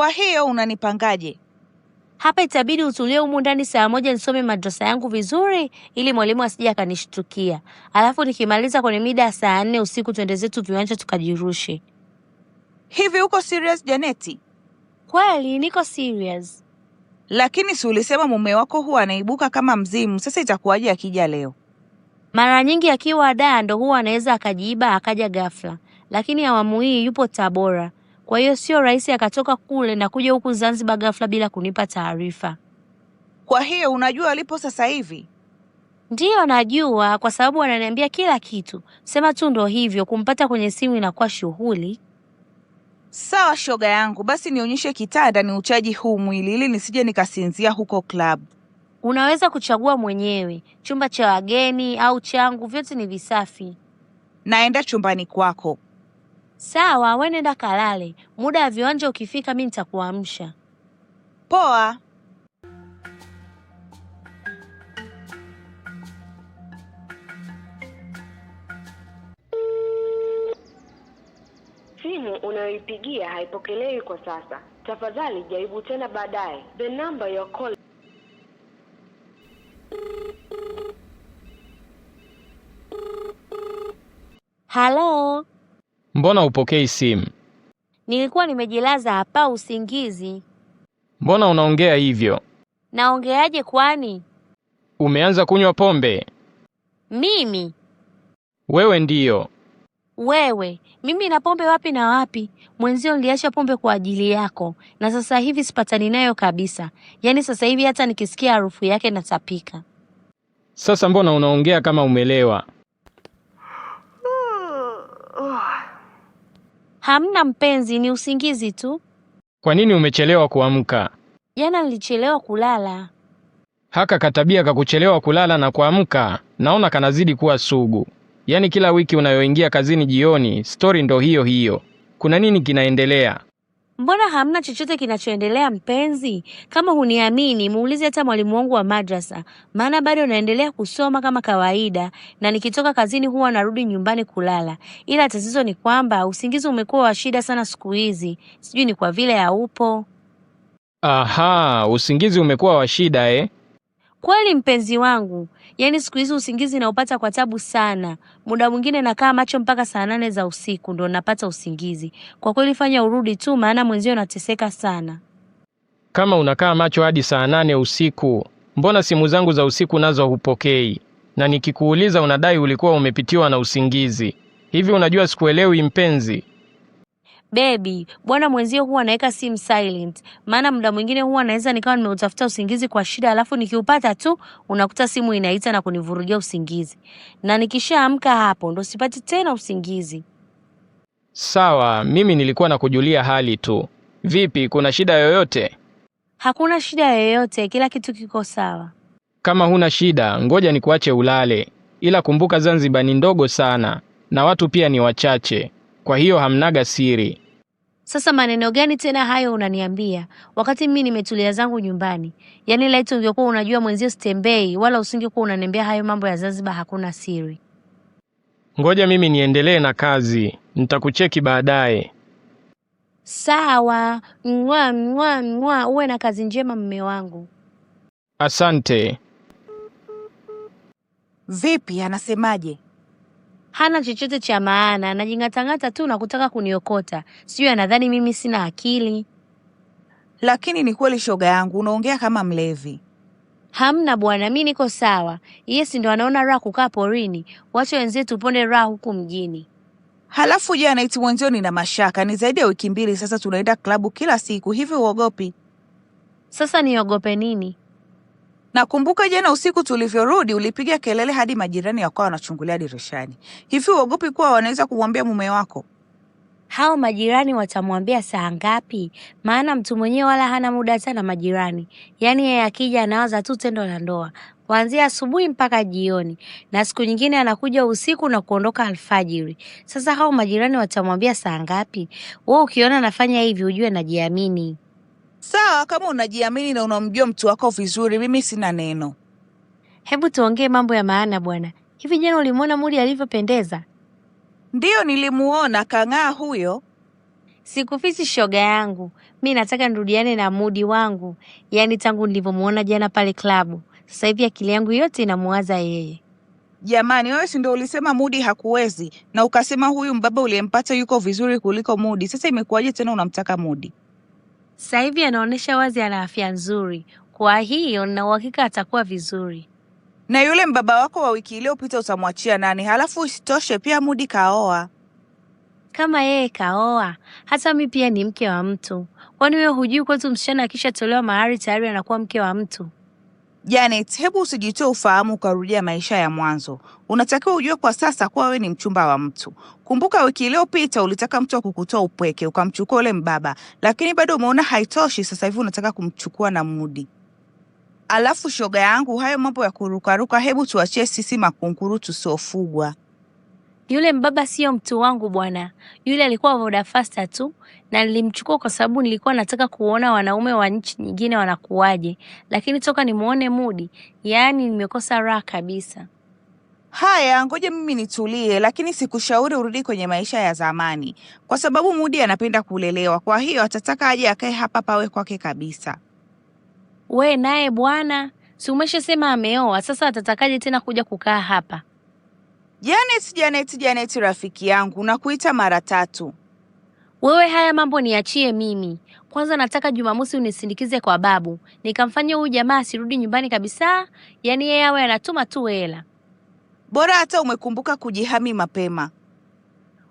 Kwa hiyo unanipangaje? Hapa itabidi utulie humu ndani saa moja nisome madrasa yangu vizuri, ili mwalimu asije akanishtukia. Alafu nikimaliza kwenye mida ya saa nne usiku twende zetu viwanja tukajirushe. Hivi uko serious Janeti? Kweli niko serious. Lakini si ulisema mume wako huwa anaibuka kama mzimu? Sasa itakuwaje akija leo? Mara nyingi akiwa daa ndo huwa anaweza akajiiba akaja ghafla, lakini awamu hii yupo Tabora. Kwa hiyo sio rahisi akatoka kule na kuja huku Zanzibar ghafla bila kunipa taarifa. Kwa hiyo unajua alipo sasa hivi? Ndiyo, najua kwa sababu wananiambia kila kitu. Sema tu ndo hivyo, kumpata kwenye simu inakuwa shughuli. Sawa shoga yangu, basi nionyeshe kitanda ni uchaji huu mwili ili nisije nikasinzia huko klabu. Unaweza kuchagua mwenyewe, chumba cha wageni au changu, vyote ni visafi. Naenda chumbani kwako. Sawa, we nenda kalale, muda wa viwanja ukifika mi nitakuamsha. Poa. Simu unayoipigia haipokelewi kwa sasa. Tafadhali jaribu tena baadaye. The number you call Halo. Mbona upokei simu? Nilikuwa nimejilaza hapa usingizi. Mbona unaongea hivyo? Naongeaje kwani? Umeanza kunywa pombe? Mimi? Wewe ndiyo. Wewe, mimi na pombe wapi na wapi? Mwenzio niliacha pombe kwa ajili yako, na sasa hivi sipatani nayo kabisa. Yaani sasa hivi hata nikisikia harufu yake natapika. Sasa mbona unaongea kama umelewa? Hamna mpenzi, ni usingizi tu. Kwa nini umechelewa kuamka? Jana nilichelewa kulala. Haka katabia ka kuchelewa kulala na kuamka naona kanazidi kuwa sugu. Yaani kila wiki unayoingia kazini jioni, stori ndo hiyo hiyo. Kuna nini kinaendelea? Mbona hamna chochote kinachoendelea mpenzi? Kama huniamini, muulize hata mwalimu wangu wa madrasa, maana bado naendelea kusoma kama kawaida, na nikitoka kazini huwa narudi nyumbani kulala. Ila tatizo ni kwamba usingizi umekuwa wa shida sana siku hizi, sijui ni kwa vile haupo. Aha, usingizi umekuwa wa shida eh? Kweli mpenzi wangu, Yaani siku hizi usingizi naupata kwa tabu sana. Muda mwingine nakaa macho mpaka saa nane za usiku ndo napata usingizi. Kwa kweli fanya urudi tu, maana mwenzio nateseka sana. Kama unakaa macho hadi saa nane usiku, mbona simu zangu za usiku nazo hupokei? Na nikikuuliza unadai ulikuwa umepitiwa na usingizi. Hivi unajua sikuelewi mpenzi? Baby, bwana mwenzio huwa anaweka simu silent, maana muda mwingine huwa naweza nikawa nimeutafuta usingizi kwa shida, alafu nikiupata tu unakuta simu inaita na kunivurugia usingizi, na nikishaamka hapo ndo sipati tena usingizi. Sawa, mimi nilikuwa nakujulia hali tu. Vipi, kuna shida yoyote? Hakuna shida yoyote, kila kitu kiko sawa. Kama huna shida, ngoja nikuache ulale, ila kumbuka Zanzibar ni ndogo sana na watu pia ni wachache, kwa hiyo hamnaga siri. Sasa maneno gani tena hayo unaniambia, wakati mimi nimetulia zangu nyumbani? Yaani laiti ungekuwa unajua mwenzio sitembei, wala usingekuwa unaniambia hayo mambo ya Zanzibar, hakuna siri. Ngoja mimi niendelee na kazi, nitakucheki baadaye. Sawa, mwa mwa mwa, uwe na kazi njema mme wangu. Asante. Vipi, anasemaje? hana chochote cha maana, anajing'atang'ata tu na kutaka kuniokota, sijui anadhani mimi sina akili. Lakini ni kweli, shoga yangu, unaongea kama mlevi. Hamna bwana, mi niko sawa. Yesi ndo anaona raha kukaa porini, wacha wenzetu ponde raha huku mjini. Halafu jana iti mwanzio, nina mashaka, ni zaidi ya wiki mbili sasa tunaenda klabu kila siku, hivi uogopi? Sasa niogope nini? Nakumbuka jana usiku tulivyorudi, ulipiga kelele hadi majirani wakawa wanachungulia dirishani. Hivi uogopi kuwa wanaweza kumwambia mume wako? Hao majirani watamwambia saa ngapi? Maana mtu mwenyewe wala hana muda sana majirani. Yaani yeye ya akija anawaza tu tendo la ndoa kuanzia asubuhi mpaka jioni, na siku nyingine anakuja usiku na kuondoka alfajiri. Sasa hao majirani watamwambia saa ngapi? Wewe ukiona nafanya hivi, ujue najiamini. Sawa, kama unajiamini na unamjua mtu wako vizuri, mimi sina neno. Hebu tuongee mambo ya maana bwana. Hivi jana ulimwona Mudi alivyopendeza? Ndiyo, nilimuona, kang'aa huyo. sikufisi shoga yangu, mi nataka nirudiane na Mudi wangu, yaani tangu nilivyomuona jana pale klabu. Sasa hivi akili yangu yote inamuwaza yeye. Jamani, wewe si ndio ulisema Mudi hakuwezi na ukasema huyu mbaba uliyempata yuko vizuri kuliko Mudi? Sasa imekuwaje tena unamtaka Mudi? Sasa hivi anaonyesha wazi ana afya nzuri, kwa hiyo nina uhakika atakuwa vizuri. Na yule mbaba wako wa wiki iliyopita utamwachia nani? Halafu isitoshe pia Mudi kaoa. Kama yeye kaoa, hata mi pia ni mke wa mtu. Kwani wewe hujui kwetu msichana akishatolewa mahari tayari anakuwa mke wa mtu? Janet, yaani, hebu usijitoe ufahamu ukarudia maisha ya mwanzo. Unatakiwa ujue kwa sasa kuwa wewe ni mchumba wa mtu. Kumbuka wiki iliyopita ulitaka mtu akukutoa upweke, ukamchukua ule mbaba, lakini bado umeona haitoshi. Sasa hivi unataka kumchukua na Mudi. Alafu shoga yangu, hayo mambo ya kurukaruka, hebu tuachie sisi makunkuru tusiofugwa. Yule mbaba siyo mtu wangu bwana, yule alikuwa Vodafasta tu na nilimchukua kwa sababu nilikuwa nataka kuona wanaume wa nchi nyingine wanakuwaje, lakini toka nimuone Mudi, yaani nimekosa raha kabisa. Haya, ngoja mimi nitulie, lakini sikushauri urudi kwenye maisha ya zamani, kwa sababu Mudi anapenda kulelewa, kwa hiyo atataka aje akae hapa pawe kwake kabisa. We naye bwana, si umeshasema ameoa, sasa atatakaje tena kuja kukaa hapa? Janet, Janet, Janet rafiki yangu, nakuita mara tatu. Wewe haya mambo niachie mimi. Kwanza nataka Jumamosi unisindikize kwa babu, nikamfanya huyu jamaa asirudi nyumbani kabisa, yaani yeye awe anatuma tu hela. Bora hata umekumbuka kujihami mapema.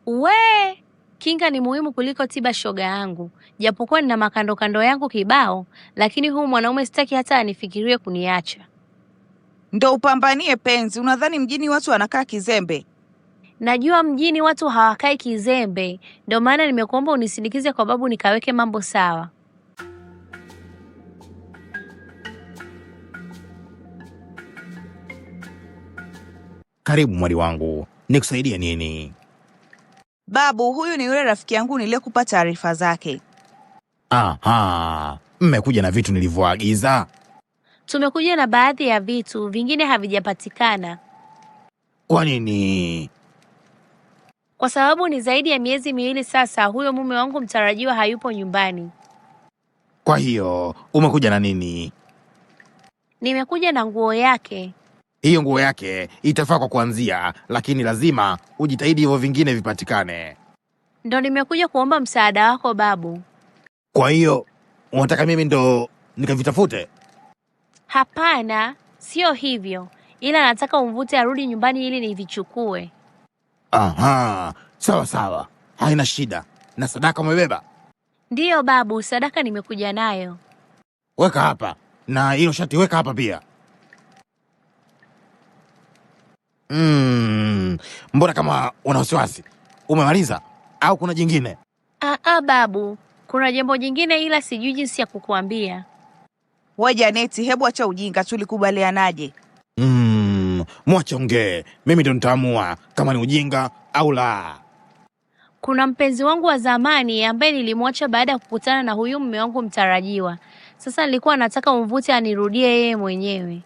We, kinga ni muhimu kuliko tiba, shoga yangu. Japokuwa nina makandokando yangu kibao, lakini huyu mwanaume sitaki hata anifikirie kuniacha. Ndo upambanie penzi. Unadhani mjini watu wanakaa kizembe? Najua mjini watu hawakai kizembe, ndio maana nimekuomba unisindikize kwa babu nikaweke mambo sawa. Karibu mwali wangu, nikusaidie nini? Babu, huyu ni yule rafiki yangu niliyekupa taarifa zake. Aha, mmekuja na vitu nilivyoagiza. Tumekuja na baadhi ya vitu, vingine havijapatikana. Kwa nini? Kwa sababu ni zaidi ya miezi miwili sasa huyo mume wangu mtarajiwa hayupo nyumbani. Kwa hiyo umekuja na nini? Nimekuja na nguo yake. Hiyo nguo yake itafaa kwa kuanzia, lakini lazima ujitahidi hivyo vingine vipatikane. Ndo nimekuja kuomba msaada wako babu. Kwa hiyo unataka mimi ndo nikavitafute? Hapana, sio hivyo, ila nataka umvute arudi nyumbani ili nivichukue. Aha, sawa sawa, haina shida. Na sadaka umebeba? Ndiyo babu, sadaka nimekuja nayo. Weka hapa, na hilo shati weka hapa pia. Mm, mbona kama una wasiwasi? Umemaliza au kuna jingine? Aa babu, kuna jambo jingine ila sijui jinsi ya kukuambia we Janeti, hebu acha ujinga, tulikubalianaje? Mm, mwachongee, mimi ndo nitaamua kama ni ujinga au la. Kuna mpenzi wangu wa zamani ambaye nilimwacha baada ya kukutana na huyu mume wangu mtarajiwa. Sasa nilikuwa nataka umvute anirudie yeye mwenyewe.